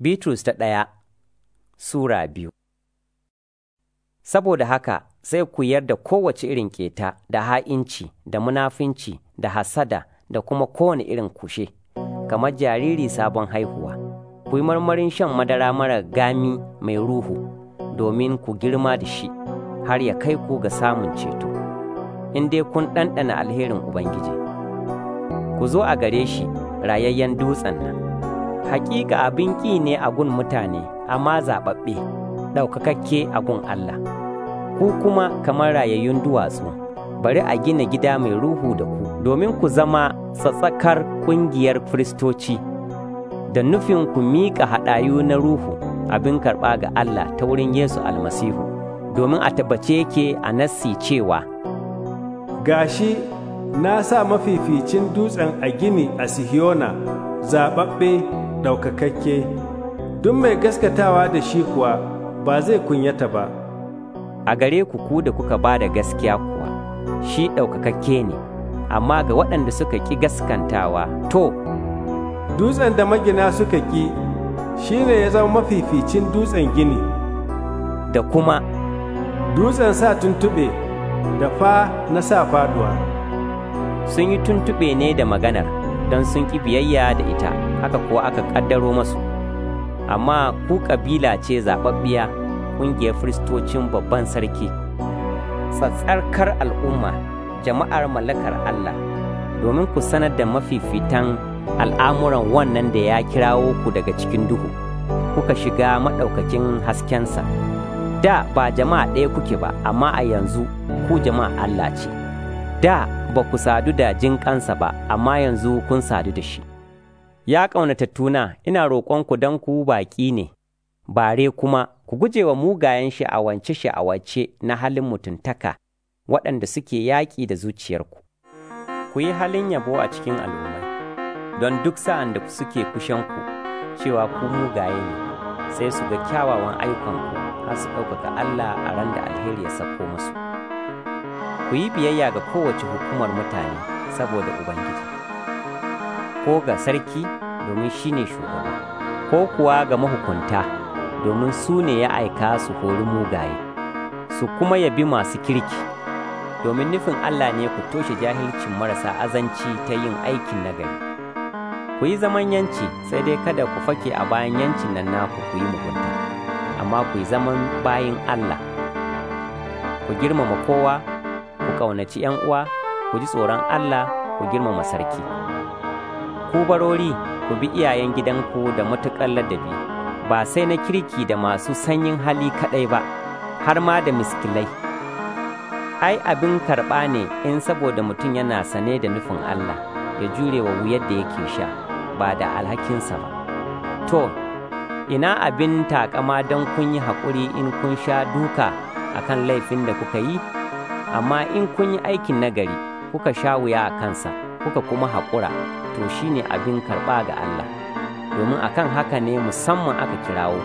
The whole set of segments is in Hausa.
Bitrus ta ɗaya Sura biyu Saboda haka sai ku yarda kowace irin keta da ha'inci da munafinci da hasada da kuma kowane irin kushe, kamar jariri sabon haihuwa, ku yi marmarin shan madara mara gami mai ruhu domin ku girma da shi har ya kai ku ga samun ceto, in dai kun ɗanɗana alherin Ubangiji. Ku zo a gare shi rayayyen dutsen nan. hakika abin ƙi ne a gun mutane amma zaɓaɓɓe ɗaukakakke a gun Allah ku kuma kamar rayayyun duwatsu bari a gina gida mai ruhu da ku domin ku zama tsatsakar ƙungiyar firistoci da nufin ku miƙa haɗayu na ruhu abin karɓa ga Allah ta wurin Yesu almasihu domin a tabbace yake a nassi cewa gashi na sa mafificin dutsen a gini a sihiyona zaɓaɓɓe ɗaukakakke duk mai gaskatawa da shi kuwa ba zai kunyata ba a gare ku ku da kuka ba da gaskiya kuwa shi ɗaukakakke ne amma ga waɗanda suka ƙi gaskantawa to dutsen da magina suka ƙi shi ne ya zama mafificin dutsen gini da kuma dutsen sa tuntuɓe da fa na sa faduwa. sun yi tuntuɓe ne da maganar don sun ƙi biyayya da ita haka kuwa aka ƙaddaro masu amma ku ƙabila ce zaɓaɓɓiya ƙungiyar firistocin babban sarki tsatsarkar al'umma jama'ar mallakar Allah domin ku sanar da mafifitan al'amuran wannan da ya kirawo ku daga cikin duhu kuka shiga maɗaukakin haskensa da ba jama'a ɗaya kuke ba amma a yanzu ku jama'a Allah ce. da ba ku sadu da jin kansa ba amma yanzu kun sadu da shi ya ƙaunatattuna ina roƙonku don ku baƙi ne bare kuma ku guje wa mugayen sha'awance sha'awace na halin mutuntaka waɗanda suke yaƙi da zuciyarku ku yi halin yabo a cikin al'ummai don duk sa'an da suke ku cewa ku mugaye ne sai su ga kyawawan ayyukanku har su ɗaukaka Allah a ran da alheri ya sako musu. ku yi biyayya ga kowace hukumar mutane saboda Ubangiji, ko ga sarki domin shi ne shugaba, ko kuwa ga mahukunta domin su ne ya aika su hori mugaye, su kuma yabi masu kirki, domin nufin Allah ne ku toshe jahilcin marasa azanci ta yin aikin nagari. Ku yi zaman yanci sai dai kada ku fake a bayan yancin nan naku ku yi mugunta, amma ku yi zaman bayan Allah. Ku girmama kowa ku ƙaunaci 'yan uwa ku ji tsoron Allah ku girmama sarki ku barori ku bi iyayen gidanku da matuƙar ladabi ba sai na kirki da masu sanyin hali kaɗai ba har ma da miskilai ai abin karɓa ne in saboda mutum yana sane da nufin Allah ya jure wa wuyar da yake sha ba da alhakinsa ba to ina abin takama don kun yi haƙuri in kun sha duka akan laifin da kuka yi amma in kun yi aikin nagari kuka sha wuya a kansa kuka kuma haƙura to shi ne abin karɓa ga Allah domin a kan haka ne musamman aka kirawo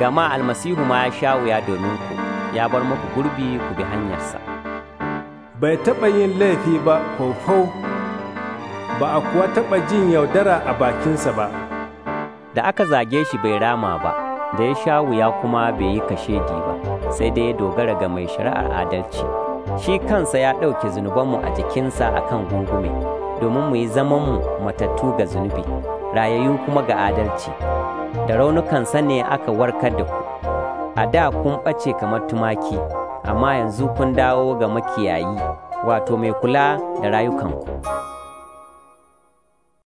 gama almasihu ma ya sha wuya domin ku ya bar muku gurbi ku bi hanyarsa bai taɓa yin laifi ba kofau ba a kuwa taɓa jin yaudara a bakinsa ba da aka zage shi bai rama ba da ya sha wuya kuma bai yi kashedi ba sai dai ya dogara ga mai shari'ar adalci shi kansa ya ɗauke zunubanmu a jikinsa a kan gungume domin mu yi zamanmu matattu ga zunubi rayayyu kuma ga adalci da raunukansa ne aka warkar da ku a da kun ɓace kamar tumaki amma yanzu kun dawo ga makiyayi wato mai kula da rayukanku.